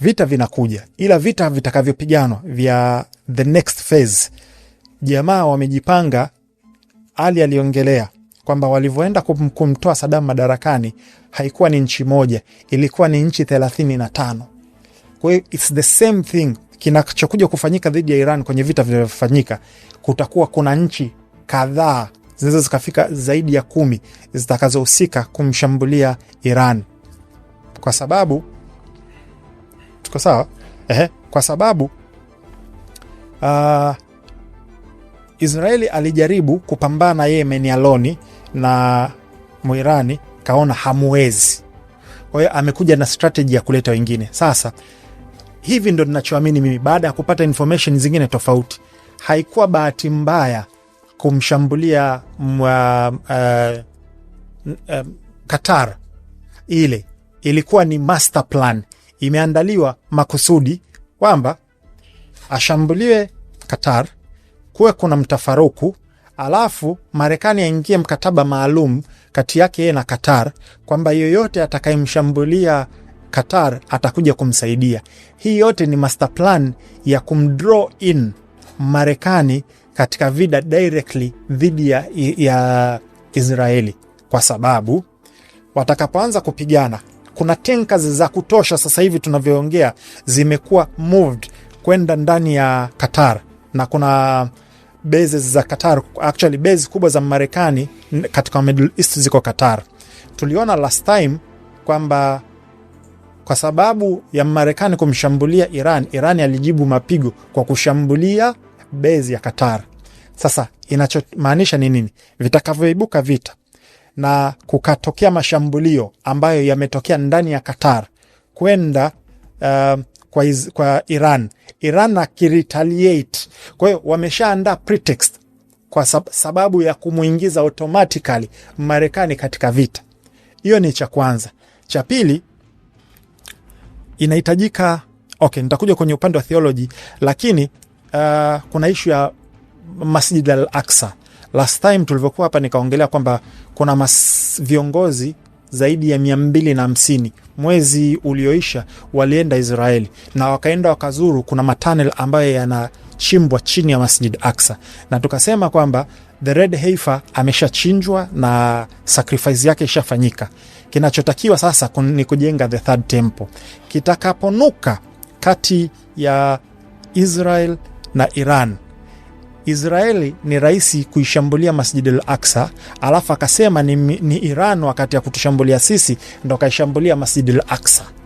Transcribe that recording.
vita vinakuja, ila vita vitakavyopiganwa vya the next phase, jamaa wamejipanga. Ali aliongelea kwamba walivyoenda kumtoa sadamu madarakani haikuwa ni nchi moja, ilikuwa ni nchi thelathini na tano. Kwa hiyo it's the same thing kinachokuja kufanyika dhidi ya Iran kwenye vita vinavyofanyika, kutakuwa kuna nchi kadhaa zinaweza zikafika zaidi ya kumi zitakazohusika kumshambulia Iran kwa sababu tuko sawa ehe, kwa sababu uh, Israeli alijaribu kupambana yeye Menialoni na Mwirani, kaona hamwezi kwa hiyo amekuja na strateji ya kuleta wengine. Sasa hivi ndo ninachoamini mimi, baada ya kupata information zingine tofauti. Haikuwa bahati mbaya kumshambulia mwa, mm, uh, eh, uh, eh, Qatar, ile ilikuwa ni master plan imeandaliwa makusudi kwamba ashambuliwe Qatar, kuwe kuna mtafaruku, alafu Marekani aingie mkataba maalum kati yake yeye na Qatar kwamba yoyote atakayemshambulia Qatar atakuja kumsaidia. Hii yote ni master plan ya kumdraw in Marekani katika vida directly dhidi ya, ya Israeli kwa sababu watakapoanza kupigana kuna tankers za kutosha sasa hivi tunavyoongea zimekuwa moved kwenda ndani ya Qatar na kuna bases za Qatar, actually base kubwa za Marekani katika Middle East ziko Qatar. Tuliona last time kwamba kwa sababu ya Marekani kumshambulia Iran, Iran alijibu mapigo kwa kushambulia base ya Qatar. Sasa inachomaanisha ni nini? Vitakavyoibuka vita na kukatokea mashambulio ambayo yametokea ndani ya Qatar kwenda uh, kwa, iz, kwa Iran, Iran akiretaliate. Kwa hiyo wameshaandaa pretext kwa sababu ya kumwingiza automatically Marekani katika vita. Hiyo ni cha kwanza. Cha pili inahitajika okay, nitakuja kwenye upande wa theology, lakini uh, kuna ishu ya Masjid al Aksa Last time tulivyokuwa hapa nikaongelea kwamba kuna mas viongozi zaidi ya mia mbili na hamsini mwezi ulioisha walienda Israeli na wakaenda wakazuru, kuna matanel ambayo yanachimbwa chini ya Masjid Aksa, na tukasema kwamba the red heifa ameshachinjwa na sacrifice yake ishafanyika. Kinachotakiwa sasa ni kujenga the third temple kitakaponuka kati ya Israel na Iran Israeli ni rahisi kuishambulia Masjid al Aksa, alafu akasema ni, ni Iran wakati ya kutushambulia sisi ndo akaishambulia Masjid al Aksa.